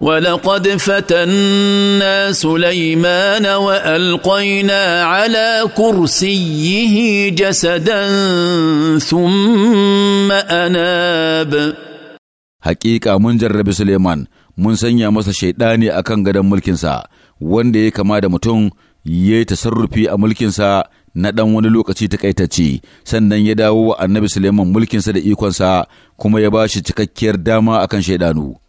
ولقد فتنا سليمان والقينا على كرسيه جسدا ثم اناب حقيقه من جرب سليمان mun sanya masa shaidani a kan gadon mulkinsa wanda ya kama da mutum ya yi tasarrufi a mulkinsa na ɗan wani lokaci takaitacci sannan ya dawo wa annabi Suleiman mulkinsa da ikonsa kuma ya ba shi cikakkiyar dama akan shaidanu.